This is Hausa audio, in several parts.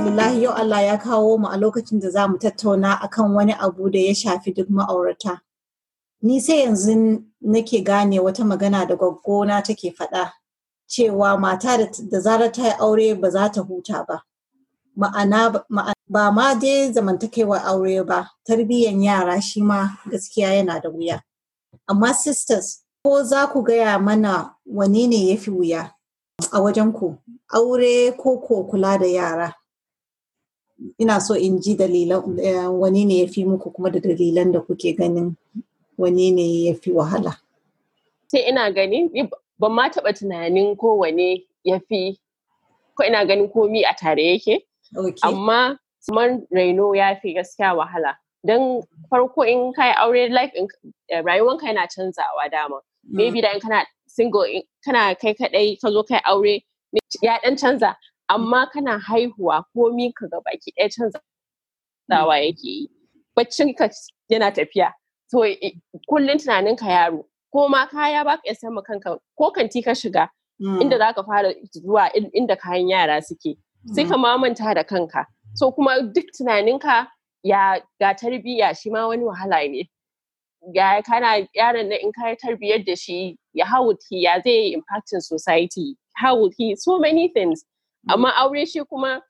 alhamdulillah yau Allah ya kawo mu a lokacin da za mu tattauna akan wani abu da ya shafi duk ma'aurata. Ni sai yanzu nake gane wata magana da gwaggona take faɗa cewa mata da zara ta yi aure ba za ta huta ba. Ma'ana ba ma dai zamantakewar aure ba, tarbiyyar yara shi ma gaskiya yana da wuya. Amma sisters, ko za ku gaya mana wane ne ya fi wuya a wajen ku, aure ko ko kula da yara? ina so in ji dalilan mm. eh, wani ne ya fi muku kuma da dalilan da kuke ganin wani ne ya fi wahala. Sai ina gani ban ma taɓa tunanin ko wani ya fi ko ina ganin komi a tare yake. Amma man raino ya fi gaskiya wahala. Don farko in ka yi aure life in eh, ka yana canzawa dama. Mm. Maybe da in kana single kana kai kaɗai ka zo kai aure ya ɗan canza amma kana haihuwa komi ka ga baki ɗaya canzawa mm. yake yi baccin ka yana tafiya to kullum tunanin ka yaro ko ma kaya ba ka san kanka ko kanti ka shiga inda mm. za ka fara zuwa inda kayan yara suke sai mm. ka mamanta da kanka so kuma duk tunaninka ya ga tarbiyya shi ma wani wahala ne ga kana yaron na in kai tarbiyyar da shi ya how ya zai impacting society how would he so many things Mm. amma aure shi kuma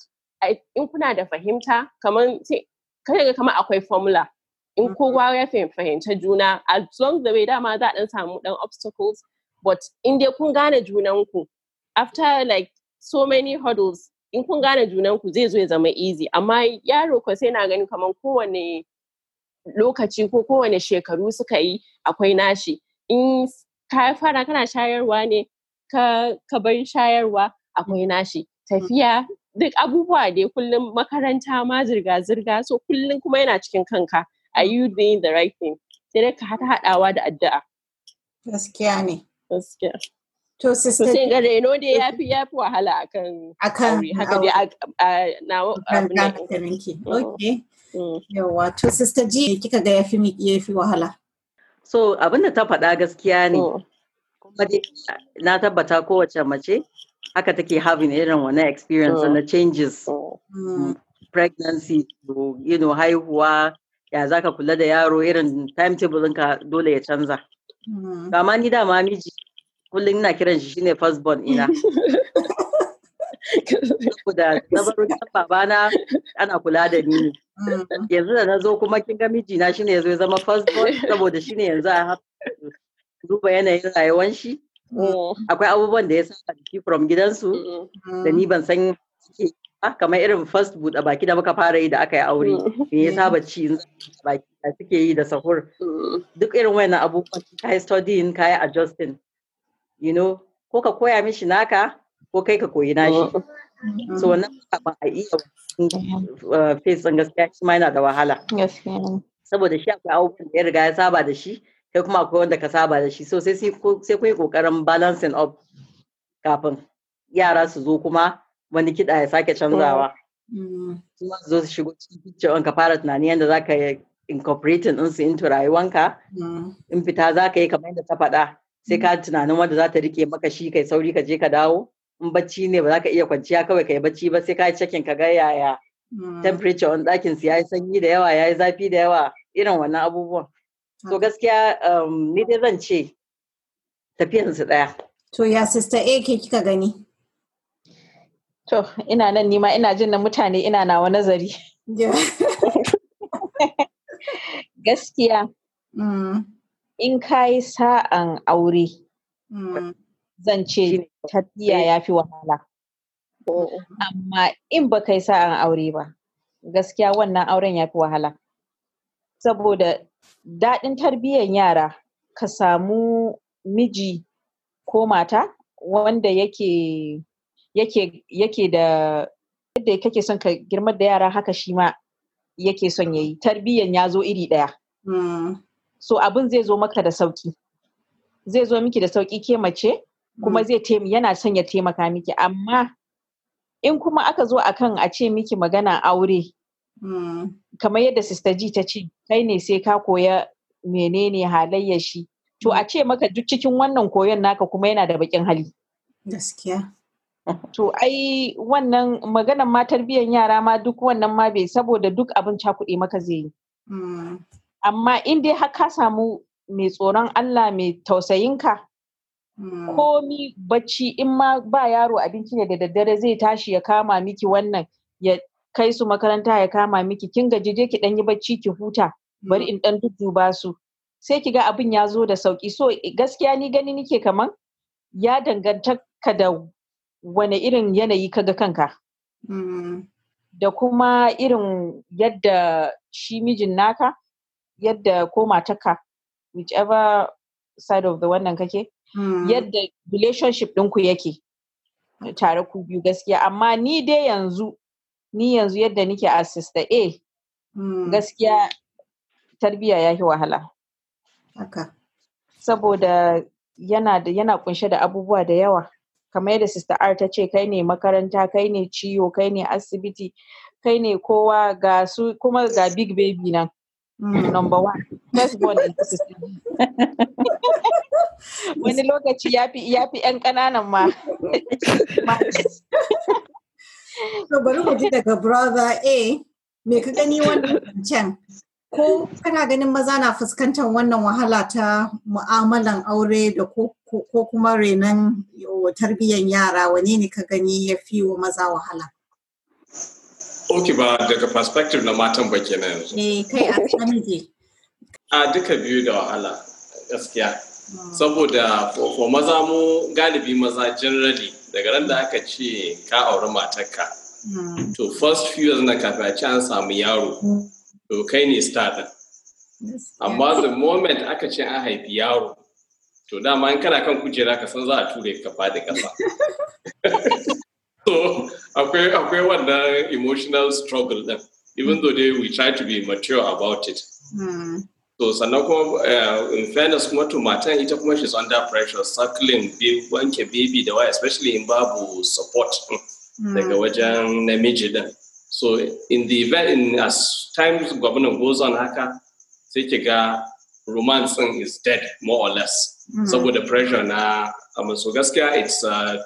in kuna da fahimta kamar ga kamar akwai formula in kowa mm-hmm. ya fahimta juna as long the way dama za a dan samu dan obstacles but in dai kun gane junanku after like so many hurdles in kun gane junanku zai zo ya zama easy amma yaro ko sai na gani kamar kowane lokaci ko kowane shekaru suka yi akwai nashi in ka fara kana shayarwa ne ka bar shayarwa akwai mm. nashi tafiya duk abubuwa dai kullum makaranta ma zirga-zirga so kullum kuma yana cikin kanka are you doing the right thing sai dai ka hada hadawa da addu'a gaskiya ne gaskiya to sister sai ga reno dai yafi yafi wahala akan akan haka dai a nawa mm. okay mm. yawa to sister ji kika ga yafi yafi wahala so abinda ta faɗa gaskiya ne mm. kuma na tabbata kowace mace Akateki having everyone experience and the mm. changes mm. Mm. pregnancy to you know haihuwa ya zaka kula da yaro irin timetable ɗinka dole ya canza amma ni dama miji kullum ina kiran shi shine first born ina saboda na baro babana ana kula da ni yanzu da na zo kuma kin ga mijina shine yazo ya zama first born saboda shine yanzu a duba yanayin rayuwan shi Mm. akwai abubuwan da ya saba jiki from gidansu da ni ban san suke kamar irin first boot a baki da muka fara yi da aka yi aure mm. me ya saba ci baki da suke yi da sahur mm. duk irin wayannan abubuwan ka yi studying ka yi adjusting you know ko ka koya mishi naka ko kai ka koyi nashi so wannan ba a iya uh, face gaskiya shi ma yana da wahala saboda shi akwai abubuwan da ya riga ya saba da shi kai kuma akwai wanda ka saba da shi so sai sai kun yi kokarin balancing up kafin yara su zo kuma wani kiɗa ya sake canzawa mm. kuma su zo su shigo cikin ka fara tunani yadda za ka incorporating din su into rayuwanka mm. in fita za ka yi kamar yadda ta faɗa sai ka tunanin wanda za ta rike maka shi kai sauri ka je ka dawo in bacci ne ba za ka iya kwanciya kawai ka yi bacci ba sai ka yi checking ka ga yaya mm. temperature on ɗakin su ya yi sanyi da yawa ya yi zafi da yawa irin wannan abubuwan To gaskiya um, ni dai zan ce tafiyansu ɗaya. To ya sista A ke kika gani? To ina nan nima ina jin na mutane ina nawa nazari. Gaskiya. Mm. In kayi sa'an aure, mm. zan ce tafiya ya fi wahala. Oh. Amma in ba kai sa'an aure ba, gaskiya wannan auren ya fi wahala. saboda daɗin tarbiyyar yara ka samu miji ko mata wanda yake yake yake da yadda kake son ka girmar da yara haka shi ma yake son ya yi tarbiyyan ya zo iri ɗaya hmm. so abin zai zo maka da sauki zai zo miki da sauki ke mace kuma hmm. zai yana son ya taimaka miki amma in kuma aka zo akan a ce miki magana aure Hmm. kamar yadda sister ji ta ce kai ne sai ka koya menene halayyar shi to hmm. a ce maka duk cikin wannan koyon naka kuma yana da bakin hali gaskiya to ai wannan maganan ma biyan yara ma duk wannan ma bai saboda duk abin cakuɗe maka zai yi hmm. amma in dai har ka samu mai tsoron Allah mai tausayin tausayinka komi bacci in ma ba yaro abinci ne da daddare zai tashi ya kama miki wannan ya kai su makaranta ya kama miki kin gaji je ki dan yi bacci ki huta bari mm. in dan dudduba su sai ki ga abin ya zo da sauki so gaskiya ni gani nike kaman ya danganta ka da wane irin yanayi ka ga kanka mm. da kuma irin yadda shi mijin naka yadda ko matarka whichever side of the wannan kake mm. yadda relationship ɗinku yake tare ku biyu gaskiya amma ni dai yanzu ni yanzu yadda nike a sister A hmm. gaskiya tarbiya ya yi wahala. Saboda yana yana kunshe da abubuwa da yawa. Kamar yadda Sister R ta ce kai ne makaranta, kai ne ciwo, kai ne asibiti, kai ne kowa ga su kuma ga big baby nan. Hmm. Number one, first born Wani lokaci ya fi ‘yan ƙananan ma. bari mu ji daga brother A me ka gani wannan can ko kana ganin maza na fuskantar wannan wahala ta mu'amalan aure da ko kuma renon tarbiyyar yara wane ne ka gani ya fi wa maza wahala? Ok ba daga perspective na matan ba kenan yanzu. Eh kai a namiji. A duka biyu da wahala gaskiya. Hmm. Saboda ko maza mu galibi maza generally daga ran da aka ce ka auri matarka. Hmm. to first few years na kafin a ci an samu yaro to kai ne star din amma the moment aka ce an haifi yaro to dama in kana kan kujera ka san za a ture ka faɗi ƙasa so akwai akwai wannan emotional struggle din even though they, we try to be mature about it hmm. so sannan kuma eh, in fairness kuma to matan ita kuma she's under pressure suckling wanke baby da waya especially in babu support daga hmm. wajen namiji din so in the event in as times governor goes on haka sai ki ga romance thing is dead more or less mm -hmm. saboda pressure na amma so gaskiya it's a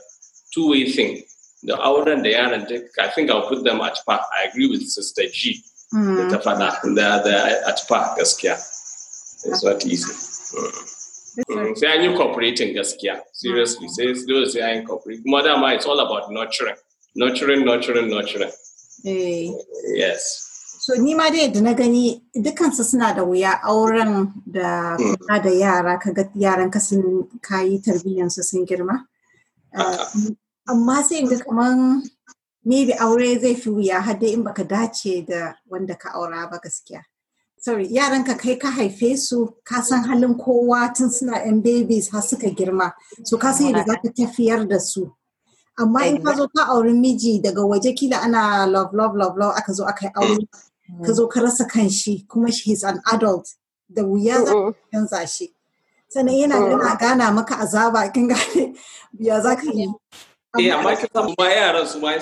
two way thing da auren da yaran duk i think i'll put them at par i agree with sister g hmm. da ta fada the at par gaskiya it's not easy hmm. sai an yi cooperating gaskiya seriously sai dole sai an yi cooperating kuma dama it's all about nurturing nurturing nurturing nurturing hey. Eh. yes so ni ma dai da na gani dukansu suna da wuya auren da kula da yara kaga yaran ka sun kayi tarbiyyansu sun girma eh, amma sai ga kaman maybe aure zai fi wuya har dai in baka dace da wanda ka aura ba gaskiya sorry yaran ka kai ka haife su ka san halin kowa tun suna yan babies har suka girma so ka san yadda za ka tafiyar da su amma in ka zo ka auri miji daga waje kila ana love love love love aka zo aka yi aure ka zo ka rasa kan shi kuma shi is an adult da wuya za ka canza shi sannan yana gana gana maka azaba kin gane ya za ka yi eh amma kin san ma yaran su ma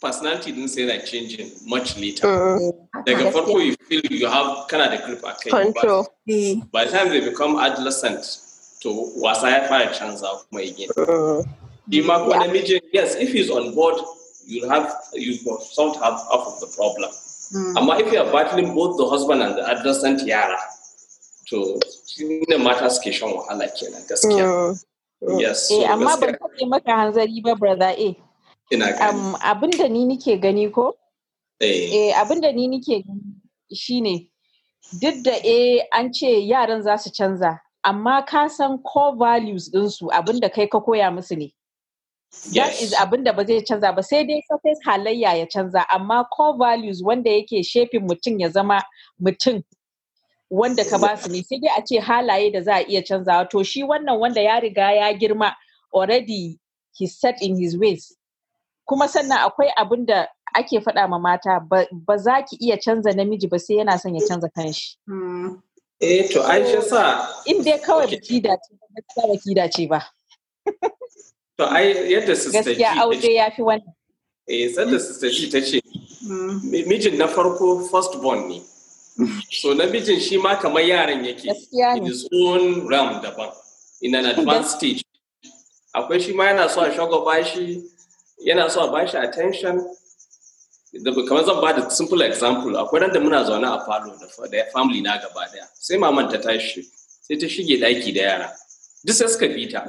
personality din sai na changing much later eh, daga farko you feel you have kana da grip a kai control eh. by the time they become adolescent to wasa ya fara canza kuma again The Makwanamije, yeah. yes, if he's on board, you have you solved half, half of the problem. Mm. Amma if you are battling both the husband and the adolescent yara, to shine mata suke shan wahala kenan gaskiya. Hmm. Hmm. Yes. Eh, amma ban kaɗe maka hanzari ba, brother A. Eh. Ina gani. Abin da ni nike gani ko? Eh. eh. Abin da ni nike gani shine duk da eh an ce yaran za su canza, amma ka san core values ɗinsu abin da kai ka koya musu ne. That is abin da ba zai canza ba sai dai surface halayya ya canza amma core values wanda yake shefin mutum ya zama mutum wanda ka basu ne sai dai a ce halaye da za a iya canzawa to shi wannan wanda ya riga ya girma already he set in his ways kuma sannan akwai abin da ake faɗa ma mata ba za ki iya canza namiji ba sai yana son ya canza kanshi. Hmm. Eh to Aisha sa. In dai kawai baki dace ba ba. To ai yadda sister Gaskiya aure ya fi wani. Eh sanda mm. sister G ta ce mijin na farko first born ne. So na mijin shi ma kamar yaran yake. Gaskiya ne. In his own realm daban. In an advanced stage. Akwai shi ma yana so a shago bashi yana so a bashi attention kamar zan ba da simple example akwai ran da muna zaune a falo da family na gaba daya sai maman ta tashi sai ta shige daki da yara duk sai suka bi ta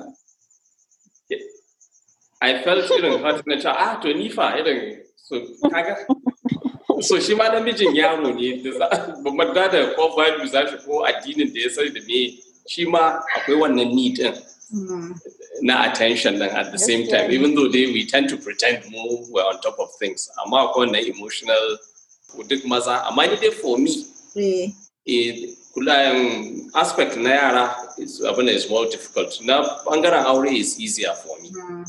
I felt hurt, hot na cewa ah to ni fa irin so kaga so shi ma namijin yaro ne ba madda da ko value za shi ko addinin da ya sani da me shi ma akwai wannan need din na attention then at the same time even though they we tend to pretend more we're on top of things amma akwai wannan emotional duk maza amma ni dai for me eh. eh, kulayen aspect na yara abin is more difficult na bangaren aure is easier for me hmm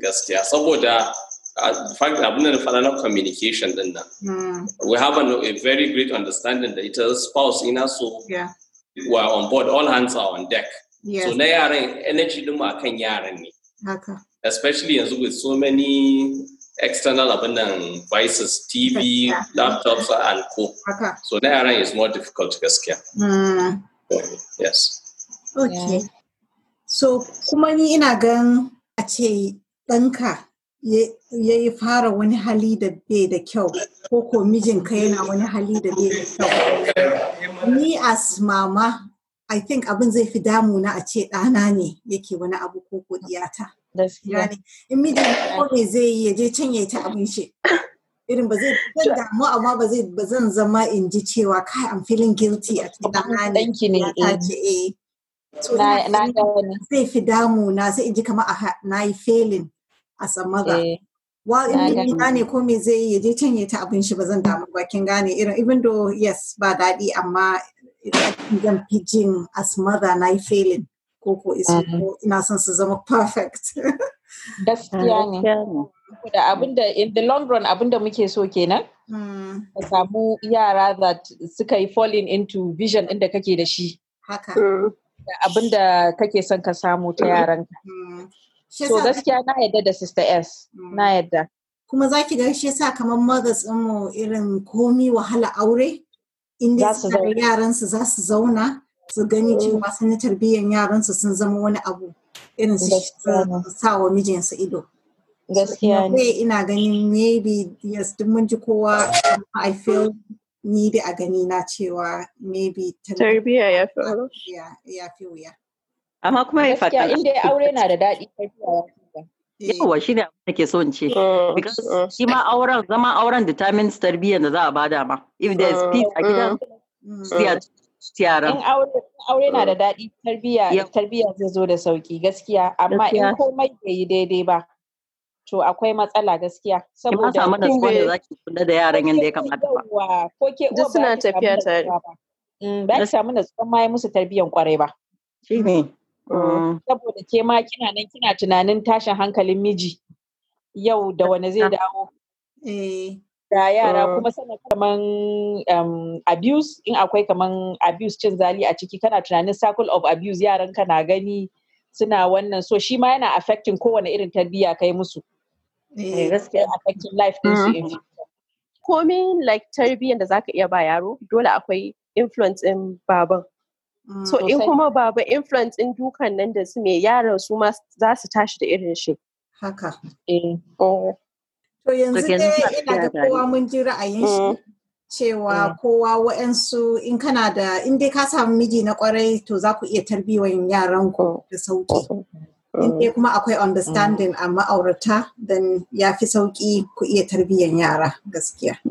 gaskiya saboda uh, fact abin da fara na communication din nan hmm. we have a, a very great understanding that ita spouse ina so yeah. we are on board all hands are on deck yes. so na yaran energy din mu akan yaran ne haka especially yanzu with so many external abin nan devices tv yeah. laptops and co haka. so na yaran is more difficult gaskiya mm. yes okay yeah. so kuma ni ina gan a ce ɗanka ya yi fara wani hali da bai da kyau ko ko mijinka yana wani hali da bai da kyau ni as mama i think abin zai fi damuna a ce ɗana ne yake wani abu ko ko diyata in mijin ko ne zai yi ya can ya ta abin shi irin ba zai zan damu amma ba zai ba zan zama in ji cewa kai am feeling guilty a ce ɗana ne ya eh. ce eh zai fi damuna sai in ji kamar na yi failing as a mother. Eh. While in the gane ko me zai yi je can ya ta abin shi ba zan damu ba kin gane irin even though yes but ba daɗi amma zan fi jin as mother na yi failing ko ko eh. ina son is a perfect. Gaskiya ne. saboda abinda in the long run abinda muke so kenan hmm. ka samu yara that suka yi falling into vision inda kake da shi haka hmm. abinda kake son ka samu ta hmm. yaranka so gaskiya na yadda da sister s mm. na yadda kuma za ki gaishe shi yasa kamar mothers mu irin komi wahala aure inda su yaransu za su zauna su gani mm. cewa sun yi tarbiyyar yaransu sun zama wani abu irin su sa wa mijinsu ido gaskiya ne ina ganin maybe yes duk mun ji kowa i feel ni da a gani na cewa maybe tarbiyya ya fi wuya amma kuma ya fata inda aure na da daɗi yawa shi ne abin da ke so in ce mm, mm. shi ma auren zama auren determines tarbiyyar da za a bada ma if there is mm, peace a gidan yaran in aure na da daɗi tarbiyya zai zo da sauki gaskiya amma in komai bai yi daidai ba to akwai matsala gaskiya saboda samu natsuwa zaki kula da yaran yadda ya kamata ba ko ke uwa suna tafiya tare ba ki samu natsuwa ma yi musu tarbiyyar kwarai ba shine Mm. Eh, saboda ke ma kina nan kina tunanin tashin hankalin miji yau da wane zai dawo. Eh. Da yara eh. kuma sana kaman um, abuse in akwai kaman abuse cin zali a ciki kana tunanin circle of abuse yaran ka na gani suna wannan so shi ma yana affecting kowane irin tarbiyya kai musu. affecting life din su mm-hmm. Komin like tarbiyyar da zaka iya ba yaro dole akwai influence in baban. Mm, so in kuma baba influence in dukan nan da su mai yaran su ma za su tashi da irin shi. Haka. Eh. Oh. To yanzu dai ina da kowa mun ji ra'ayin shi. Mm. Cewa mm. kowa wa'ansu in kana da in dai ka samu miji na kwarai to za ku iya tarbiyyar yaran ku da sauki. In dai kuma akwai understanding a ma'aurata dan ya fi sauki ku iya tarbiyyar yara gaskiya.